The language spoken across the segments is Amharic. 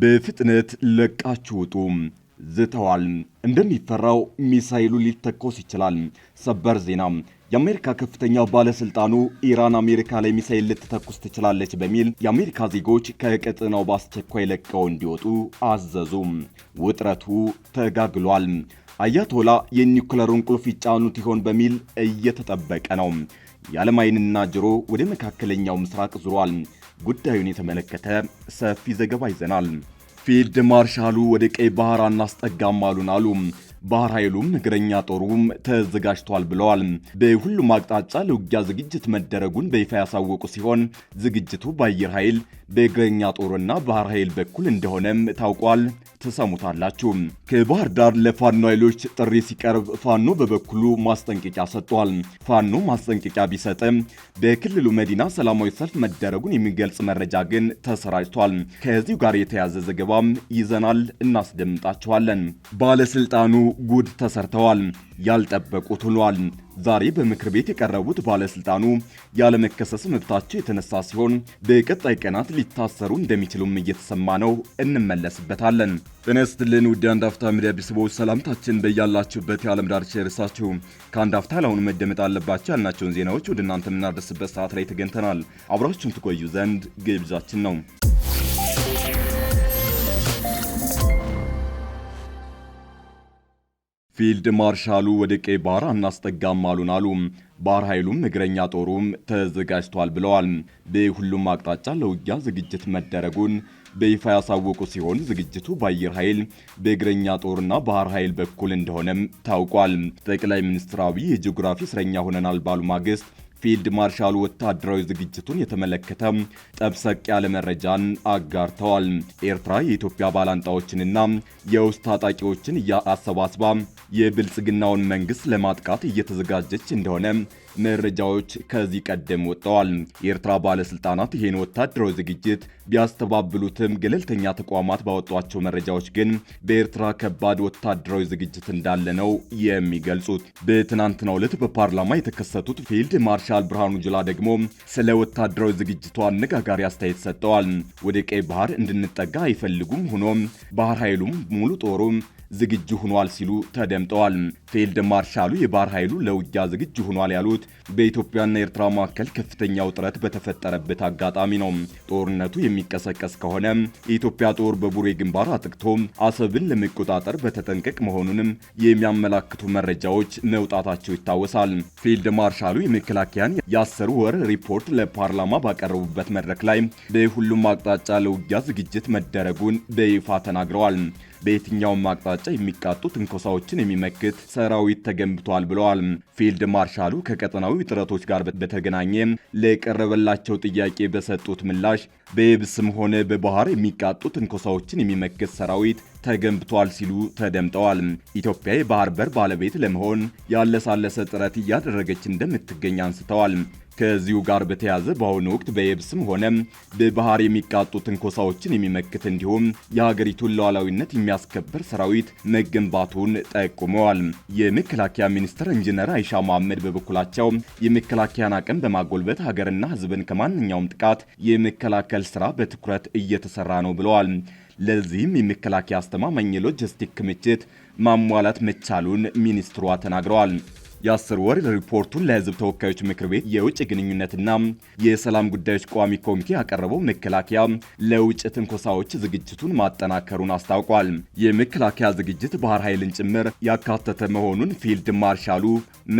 በፍጥነት ለቃችሁ ውጡ ዝተዋል። እንደሚፈራው ሚሳይሉ ሊተኮስ ይችላል። ሰበር ዜና የአሜሪካ ከፍተኛ ባለስልጣኑ ኢራን አሜሪካ ላይ ሚሳይል ልትተኩስ ትችላለች በሚል የአሜሪካ ዜጎች ከቀጠናው በአስቸኳይ ለቀው እንዲወጡ አዘዙ። ውጥረቱ ተጋግሏል። አያቶላ የኒውክለሩን ቁልፍ ይጫኑት ይሆን በሚል እየተጠበቀ ነው። የዓለም አይንና ጆሮ ወደ መካከለኛው ምስራቅ ዙሯል። ጉዳዩን የተመለከተ ሰፊ ዘገባ ይዘናል። ፊልድ ማርሻሉ ወደ ቀይ ባህር አናስጠጋም አሉን አሉ። ባህር ኃይሉም እግረኛ ጦሩም ተዘጋጅቷል ብለዋል። በሁሉም አቅጣጫ ለውጊያ ዝግጅት መደረጉን በይፋ ያሳወቁ ሲሆን ዝግጅቱ በአየር ኃይል በእግረኛ ጦርና ባህር ኃይል በኩል እንደሆነም ታውቋል። ትሰሙታላችሁ። ከባህር ዳር ለፋኖ ኃይሎች ጥሪ ሲቀርብ ፋኖ በበኩሉ ማስጠንቀቂያ ሰጥቷል። ፋኖ ማስጠንቀቂያ ቢሰጥም በክልሉ መዲና ሰላማዊ ሰልፍ መደረጉን የሚገልጽ መረጃ ግን ተሰራጭቷል። ከዚሁ ጋር የተያዘ ዘገባም ይዘናል፣ እናስደምጣችኋለን። ባለስልጣኑ ጉድ ተሰርተዋል። ያልጠበቁት ሆኗል። ዛሬ በምክር ቤት የቀረቡት ባለስልጣኑ ያለመከሰስ መብታቸው የተነሳ ሲሆን በቀጣይ ቀናት ሊታሰሩ እንደሚችሉም እየተሰማ ነው። እንመለስበታለን። ጤና ይስጥልን ውድ አንድ አፍታ ሚዲያ ቤተሰቦች ሰላምታችን በያላችሁበት የዓለም ዳርቻ ይድረሳችሁ። ከአንድ አፍታ ለአሁኑ መደመጥ አለባቸው ያልናቸውን ዜናዎች ወደ እናንተ የምናደርስበት ሰዓት ላይ ተገኝተናል። አብራችሁን ትቆዩ ዘንድ ግብዣችን ነው። ፊልድ ማርሻሉ ወደ ቀይ ባህር አናስጠጋም አሉን አሉ። ባህር ኃይሉም እግረኛ ጦሩም ተዘጋጅቷል ብለዋል። በሁሉም አቅጣጫ ለውጊያ ዝግጅት መደረጉን በይፋ ያሳወቁ ሲሆን ዝግጅቱ በአየር ኃይል በእግረኛ ጦርና ባህር ኃይል በኩል እንደሆነም ታውቋል። ጠቅላይ ሚኒስትር አብይ የጂኦግራፊ እስረኛ ሆነናል ባሉ ማግስት ፊልድ ማርሻሉ ወታደራዊ ዝግጅቱን የተመለከተ ጠብሰቅ ያለ መረጃን አጋርተዋል። ኤርትራ የኢትዮጵያ ባላንጣዎችንና የውስጥ ታጣቂዎችን እያሰባስባ የብልጽግናውን መንግስት ለማጥቃት እየተዘጋጀች እንደሆነ መረጃዎች ከዚህ ቀደም ወጥተዋል። የኤርትራ ባለስልጣናት ይህን ወታደራዊ ዝግጅት ቢያስተባብሉትም ገለልተኛ ተቋማት ባወጧቸው መረጃዎች ግን በኤርትራ ከባድ ወታደራዊ ዝግጅት እንዳለ ነው የሚገልጹት። በትናንትናው ዕለት በፓርላማ የተከሰቱት ፊልድ ማርሻል ብርሃኑ ጁላ ደግሞ ስለ ወታደራዊ ዝግጅቱ አነጋጋሪ አስተያየት ሰጥተዋል። ወደ ቀይ ባህር እንድንጠጋ አይፈልጉም፣ ሆኖም ባህር ኃይሉም ሙሉ ጦሩም ዝግጁ ሆኗል ሲሉ ተደምጠዋል። ፊልድ ማርሻሉ የባህር ኃይሉ ለውጊያ ዝግጁ ሆኗል ያሉት በኢትዮጵያና ኤርትራ መካከል ከፍተኛ ውጥረት በተፈጠረበት አጋጣሚ ነው። ጦርነቱ የሚቀሰቀስ ከሆነ የኢትዮጵያ ጦር በቡሬ ግንባር አጥቅቶ አሰብን ለመቆጣጠር በተጠንቀቅ መሆኑንም የሚያመላክቱ መረጃዎች መውጣታቸው ይታወሳል። ፊልድ ማርሻሉ የመከላከያን የአስር ወር ሪፖርት ለፓርላማ ባቀረቡበት መድረክ ላይ በሁሉም አቅጣጫ ለውጊያ ዝግጅት መደረጉን በይፋ ተናግረዋል። በየትኛውም አቅጣጫ የሚቃጡ ትንኮሳዎችን የሚመክት ሰራዊት ተገንብቷል ብለዋል። ፊልድ ማርሻሉ ከቀጠናዊ ጥረቶች ጋር በተገናኘ ለቀረበላቸው ጥያቄ በሰጡት ምላሽ በየብስም ሆነ በባህር የሚቃጡ ትንኮሳዎችን የሚመክት ሰራዊት ተገንብቷል ሲሉ ተደምጠዋል። ኢትዮጵያ የባህር በር ባለቤት ለመሆን ያለሳለሰ ጥረት እያደረገች እንደምትገኝ አንስተዋል። ከዚሁ ጋር በተያያዘ በአሁኑ ወቅት በየብስም ሆነ በባህር የሚቃጡ ትንኮሳዎችን የሚመክት እንዲሁም የሀገሪቱን ሉዓላዊነት የሚያስከብር ሰራዊት መገንባቱን ጠቁመዋል። የመከላከያ ሚኒስትር ኢንጂነር አይሻ መሐመድ በበኩላቸው የመከላከያን አቅም በማጎልበት ሀገርና ሕዝብን ከማንኛውም ጥቃት የመከላከል ስራ በትኩረት እየተሰራ ነው ብለዋል። ለዚህም የመከላከያ አስተማማኝ ሎጂስቲክ ክምችት ማሟላት መቻሉን ሚኒስትሯ ተናግረዋል። የአስር ወር ሪፖርቱን ለህዝብ ተወካዮች ምክር ቤት የውጭ ግንኙነትና የሰላም ጉዳዮች ቋሚ ኮሚቴ ያቀረበው መከላከያ ለውጭ ትንኮሳዎች ዝግጅቱን ማጠናከሩን አስታውቋል። የመከላከያ ዝግጅት ባህር ኃይልን ጭምር ያካተተ መሆኑን ፊልድ ማርሻሉ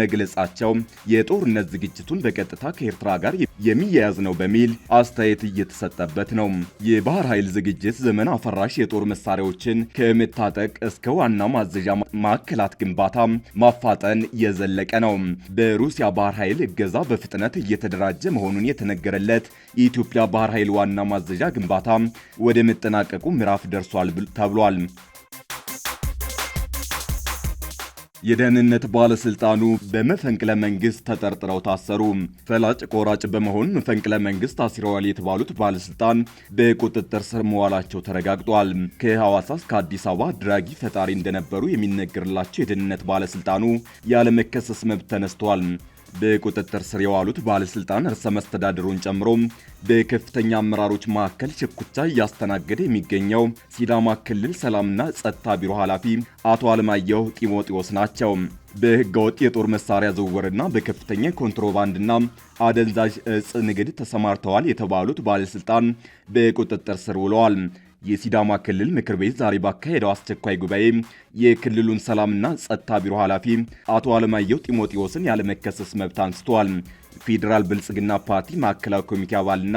መግለጻቸው የጦርነት ዝግጅቱን በቀጥታ ከኤርትራ ጋር የሚያያዝ ነው በሚል አስተያየት እየተሰጠበት ነው። የባህር ኃይል ዝግጅት ዘመን አፈራሽ የጦር መሳሪያዎችን ከመታጠቅ እስከ ዋና ማዘዣ ማዕከላት ግንባታ ማፋጠን የዘ የዘለቀ ነው። በሩሲያ ባህር ኃይል እገዛ በፍጥነት እየተደራጀ መሆኑን የተነገረለት የኢትዮጵያ ባህር ኃይል ዋና ማዘዣ ግንባታ ወደ መጠናቀቁ ምዕራፍ ደርሷል ተብሏል። የደህንነት ባለስልጣኑ በመፈንቅለ መንግስት ተጠርጥረው ታሰሩ። ፈላጭ ቆራጭ በመሆን መፈንቅለ መንግስት አሲረዋል የተባሉት ባለስልጣን በቁጥጥር ስር መዋላቸው ተረጋግጧል። ከሐዋሳ እስከ አዲስ አበባ ድራጊ ፈጣሪ እንደነበሩ የሚነገርላቸው የደህንነት ባለስልጣኑ ያለመከሰስ መብት ተነስቷል። በቁጥጥር ስር የዋሉት ባለስልጣን ርዕሰ መስተዳድሩን ጨምሮ በከፍተኛ አመራሮች መካከል ሽኩቻ እያስተናገደ የሚገኘው ሲዳማ ክልል ሰላምና ጸጥታ ቢሮ ኃላፊ አቶ አለማየሁ ጢሞቴዎስ ናቸው። በህገወጥ የጦር መሳሪያ ዝውውርና በከፍተኛ ኮንትሮባንድና አደንዛዥ እጽ ንግድ ተሰማርተዋል የተባሉት ባለስልጣን በቁጥጥር ስር ውለዋል። የሲዳማ ክልል ምክር ቤት ዛሬ ባካሄደው አስቸኳይ ጉባኤ የክልሉን ሰላምና ጸጥታ ቢሮ ኃላፊ አቶ አለማየሁ ጢሞቴዎስን ያለመከሰስ መብት አንስተዋል። ፌዴራል ብልጽግና ፓርቲ ማዕከላዊ ኮሚቴ አባልና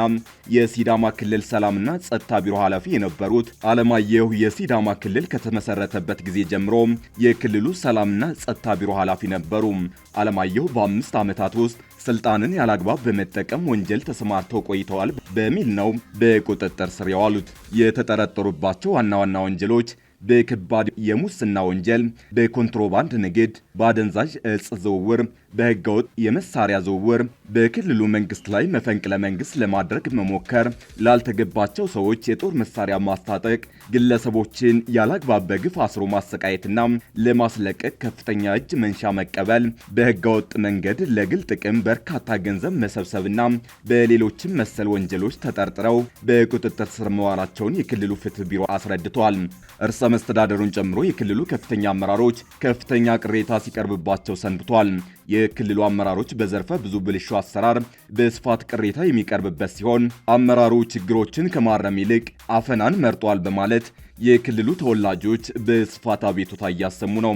የሲዳማ ክልል ሰላምና ጸጥታ ቢሮ ኃላፊ የነበሩት አለማየሁ የሲዳማ ክልል ከተመሰረተበት ጊዜ ጀምሮ የክልሉ ሰላምና ጸጥታ ቢሮ ኃላፊ ነበሩ። አለማየሁ በአምስት ዓመታት ውስጥ ስልጣንን ያላግባብ በመጠቀም ወንጀል ተሰማርተው ቆይተዋል በሚል ነው በቁጥጥር ስር የዋሉት። የተጠረጠሩባቸው ዋና ዋና ወንጀሎች በከባድ የሙስና ወንጀል፣ በኮንትሮባንድ ንግድ፣ በአደንዛዥ እጽ ዝውውር፣ በህገወጥ የመሳሪያ ዝውውር፣ በክልሉ መንግስት ላይ መፈንቅለ መንግስት ለማድረግ መሞከር፣ ላልተገባቸው ሰዎች የጦር መሳሪያ ማስታጠቅ፣ ግለሰቦችን ያላግባብ በግፍ አስሮ ማሰቃየትና ለማስለቀቅ ከፍተኛ እጅ መንሻ መቀበል፣ በህገወጥ መንገድ ለግል ጥቅም በርካታ ገንዘብ መሰብሰብና በሌሎችም መሰል ወንጀሎች ተጠርጥረው በቁጥጥር ስር መዋላቸውን የክልሉ ፍትህ ቢሮ አስረድቷል። መስተዳደሩን ጨምሮ የክልሉ ከፍተኛ አመራሮች ከፍተኛ ቅሬታ ሲቀርብባቸው ሰንብቷል። የክልሉ አመራሮች በዘርፈ ብዙ ብልሹ አሰራር በስፋት ቅሬታ የሚቀርብበት ሲሆን አመራሩ ችግሮችን ከማረም ይልቅ አፈናን መርጧል በማለት የክልሉ ተወላጆች በስፋት አቤቱታ እያሰሙ ነው።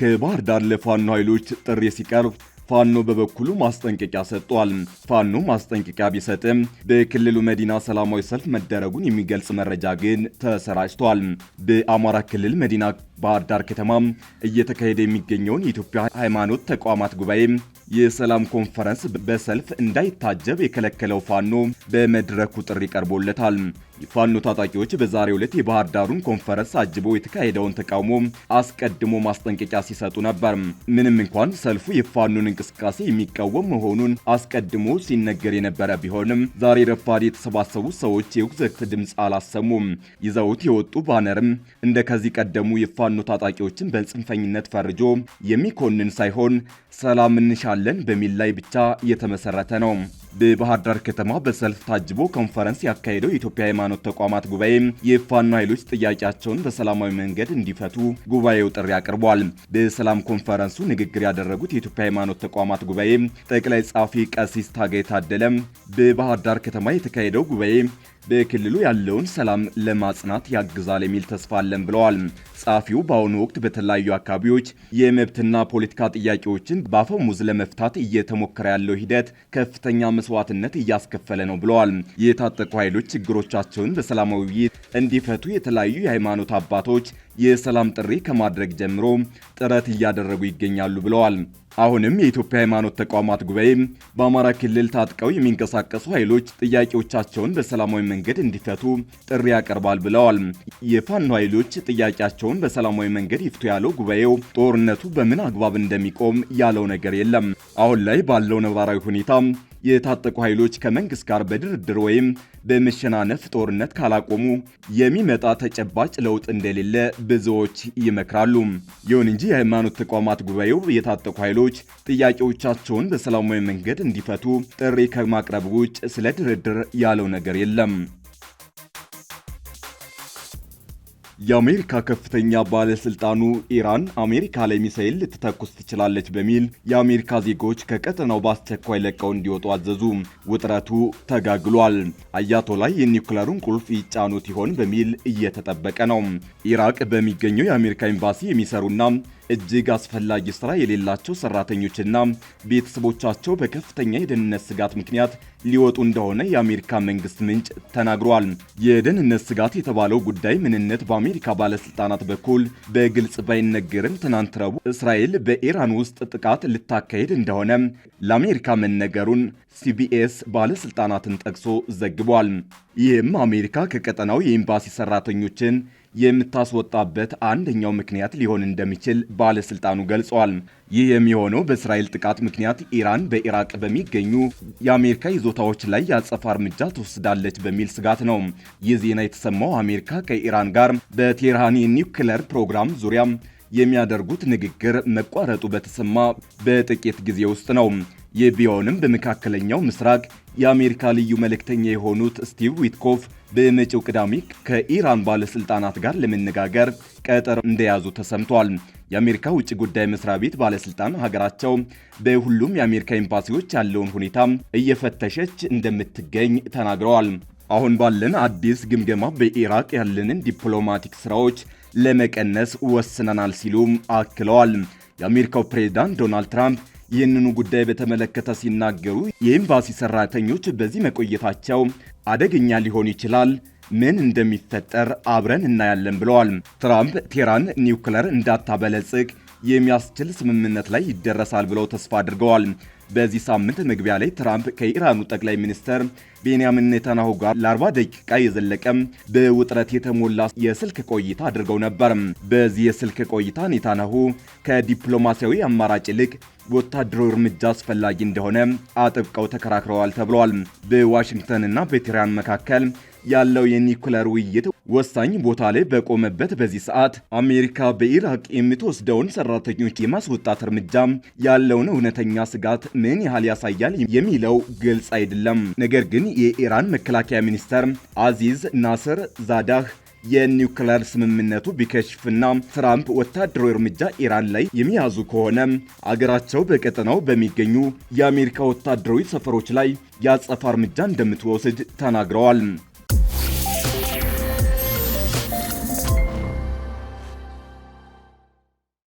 ከባህር ዳር ለፋኖ ኃይሎች ጥሪ ሲቀርብ ፋኖ በበኩሉ ማስጠንቀቂያ ሰጥቷል። ፋኖ ማስጠንቀቂያ ቢሰጥም በክልሉ መዲና ሰላማዊ ሰልፍ መደረጉን የሚገልጽ መረጃ ግን ተሰራጭቷል። በአማራ ክልል መዲና ባህር ዳር ከተማ እየተካሄደ የሚገኘውን የኢትዮጵያ ሃይማኖት ተቋማት ጉባኤ የሰላም ኮንፈረንስ በሰልፍ እንዳይታጀብ የከለከለው ፋኖ በመድረኩ ጥሪ ቀርቦለታል። የፋኖ ታጣቂዎች በዛሬው ዕለት የባህር ዳሩን ኮንፈረንስ አጅበው የተካሄደውን ተቃውሞ አስቀድሞ ማስጠንቀቂያ ሲሰጡ ነበር። ምንም እንኳን ሰልፉ የፋኖን እንቅስቃሴ የሚቃወም መሆኑን አስቀድሞ ሲነገር የነበረ ቢሆንም ዛሬ ረፋድ የተሰባሰቡ ሰዎች የውግዘት ድምፅ አላሰሙም። ይዘውት የወጡ ባነርም እንደ ከዚህ ቀደሙ የፋኖ ታጣቂዎችን በጽንፈኝነት ፈርጆ የሚኮንን ሳይሆን ሰላም እንሻለን በሚል ላይ ብቻ እየተመሰረተ ነው። በባህር ዳር ከተማ በሰልፍ ታጅቦ ኮንፈረንስ ያካሄደው የኢትዮጵያ ሃይማኖት የሃይማኖት ተቋማት ጉባኤ የፋኖ ኃይሎች ጥያቄያቸውን በሰላማዊ መንገድ እንዲፈቱ ጉባኤው ጥሪ አቅርቧል። በሰላም ኮንፈረንሱ ንግግር ያደረጉት የኢትዮጵያ ሃይማኖት ተቋማት ጉባኤ ጠቅላይ ጸሐፊ ቀሲስ ታጋይ ታደለም በባህር ዳር ከተማ የተካሄደው ጉባኤ በክልሉ ያለውን ሰላም ለማጽናት ያግዛል የሚል ተስፋ አለን ብለዋል። ጸሐፊው በአሁኑ ወቅት በተለያዩ አካባቢዎች የመብትና ፖለቲካ ጥያቄዎችን በአፈሙዝ ለመፍታት እየተሞከረ ያለው ሂደት ከፍተኛ መስዋዕትነት እያስከፈለ ነው ብለዋል። የታጠቁ ኃይሎች ችግሮቻቸውን በሰላማዊ ውይይት እንዲፈቱ የተለያዩ የሃይማኖት አባቶች የሰላም ጥሪ ከማድረግ ጀምሮ ጥረት እያደረጉ ይገኛሉ ብለዋል። አሁንም የኢትዮጵያ ሃይማኖት ተቋማት ጉባኤ በአማራ ክልል ታጥቀው የሚንቀሳቀሱ ኃይሎች ጥያቄዎቻቸውን በሰላማዊ መንገድ እንዲፈቱ ጥሪ ያቀርባል ብለዋል። የፋኖ ኃይሎች ጥያቄያቸውን በሰላማዊ መንገድ ይፍቱ ያለው ጉባኤው ጦርነቱ በምን አግባብ እንደሚቆም ያለው ነገር የለም። አሁን ላይ ባለው ነባራዊ ሁኔታ የታጠቁ ኃይሎች ከመንግስት ጋር በድርድር ወይም በመሸናነፍ ጦርነት ካላቆሙ የሚመጣ ተጨባጭ ለውጥ እንደሌለ ብዙዎች ይመክራሉ። ይሁን እንጂ የሃይማኖት ተቋማት ጉባኤው የታጠቁ ኃይሎች ጥያቄዎቻቸውን በሰላማዊ መንገድ እንዲፈቱ ጥሪ ከማቅረብ ውጭ ስለ ድርድር ያለው ነገር የለም። የአሜሪካ ከፍተኛ ባለስልጣኑ ኢራን አሜሪካ ላይ ሚሳኤል ልትተኩስ ትችላለች በሚል የአሜሪካ ዜጎች ከቀጠናው በአስቸኳይ ለቀው እንዲወጡ አዘዙ። ውጥረቱ ተጋግሏል። ላይ የኒውክለሩን ቁልፍ ይጫኑት ይሆን በሚል እየተጠበቀ ነው። ኢራቅ በሚገኘው የአሜሪካ ኤምባሲ የሚሰሩና እጅግ አስፈላጊ ስራ የሌላቸው ሰራተኞችና ቤተሰቦቻቸው በከፍተኛ የደህንነት ስጋት ምክንያት ሊወጡ እንደሆነ የአሜሪካ መንግስት ምንጭ ተናግሯል። የደህንነት ስጋት የተባለው ጉዳይ ምንነት በአሜሪካ ባለስልጣናት በኩል በግልጽ ባይነገርም ትናንት ረቡዕ እስራኤል በኢራን ውስጥ ጥቃት ልታካሄድ እንደሆነ ለአሜሪካ መነገሩን ሲቢኤስ ባለስልጣናትን ጠቅሶ ዘግቧል። ይህም አሜሪካ ከቀጠናው የኤምባሲ ሰራተኞችን የምታስወጣበት አንደኛው ምክንያት ሊሆን እንደሚችል ባለስልጣኑ ገልጸዋል። ይህ የሚሆነው በእስራኤል ጥቃት ምክንያት ኢራን በኢራቅ በሚገኙ የአሜሪካ ይዞታዎች ላይ የአጸፋ እርምጃ ትወስዳለች በሚል ስጋት ነው። ይህ ዜና የተሰማው አሜሪካ ከኢራን ጋር በቴህራን የኒውክለር ፕሮግራም ዙሪያ የሚያደርጉት ንግግር መቋረጡ በተሰማ በጥቂት ጊዜ ውስጥ ነው። ይህ ቢሆንም በመካከለኛው ምስራቅ የአሜሪካ ልዩ መልእክተኛ የሆኑት ስቲቭ ዊትኮፍ በመጪው ቅዳሜ ከኢራን ባለስልጣናት ጋር ለመነጋገር ቀጠር እንደያዙ ተሰምቷል። የአሜሪካ ውጭ ጉዳይ መስሪያ ቤት ባለስልጣን ሀገራቸው በሁሉም የአሜሪካ ኤምባሲዎች ያለውን ሁኔታ እየፈተሸች እንደምትገኝ ተናግረዋል። አሁን ባለን አዲስ ግምገማ በኢራቅ ያለንን ዲፕሎማቲክ ስራዎች ለመቀነስ ወስነናል ሲሉም አክለዋል። የአሜሪካው ፕሬዝዳንት ዶናልድ ትራምፕ ይህንኑ ጉዳይ በተመለከተ ሲናገሩ የኤምባሲ ሰራተኞች በዚህ መቆየታቸው አደገኛ ሊሆን ይችላል ምን እንደሚፈጠር አብረን እናያለን ብለዋል። ትራምፕ ቴራን ኒውክለር እንዳታበለጽግ የሚያስችል ስምምነት ላይ ይደረሳል ብለው ተስፋ አድርገዋል። በዚህ ሳምንት መግቢያ ላይ ትራምፕ ከኢራኑ ጠቅላይ ሚኒስትር ቤንያሚን ኔታንያሁ ጋር ለ40 ደቂቃ የዘለቀ በውጥረት የተሞላ የስልክ ቆይታ አድርገው ነበር። በዚህ የስልክ ቆይታ ኔታንያሁ ከዲፕሎማሲያዊ አማራጭ ይልቅ ወታደራዊ እርምጃ አስፈላጊ እንደሆነ አጥብቀው ተከራክረዋል ተብሏል። በዋሽንግተንና በቴህራን መካከል ያለው የኒኩለር ውይይት ወሳኝ ቦታ ላይ በቆመበት በዚህ ሰዓት አሜሪካ በኢራቅ የምትወስደውን ሰራተኞች የማስወጣት እርምጃ ያለውን እውነተኛ ስጋት ምን ያህል ያሳያል የሚለው ግልጽ አይደለም። ነገር ግን የኢራን መከላከያ ሚኒስተር አዚዝ ናስር ዛዳህ የኒውክሌር ስምምነቱ ቢከሽፍና ትራምፕ ወታደራዊ እርምጃ ኢራን ላይ የሚያዙ ከሆነ አገራቸው በቀጠናው በሚገኙ የአሜሪካ ወታደራዊ ሰፈሮች ላይ የአጸፋ እርምጃ እንደምትወስድ ተናግረዋል።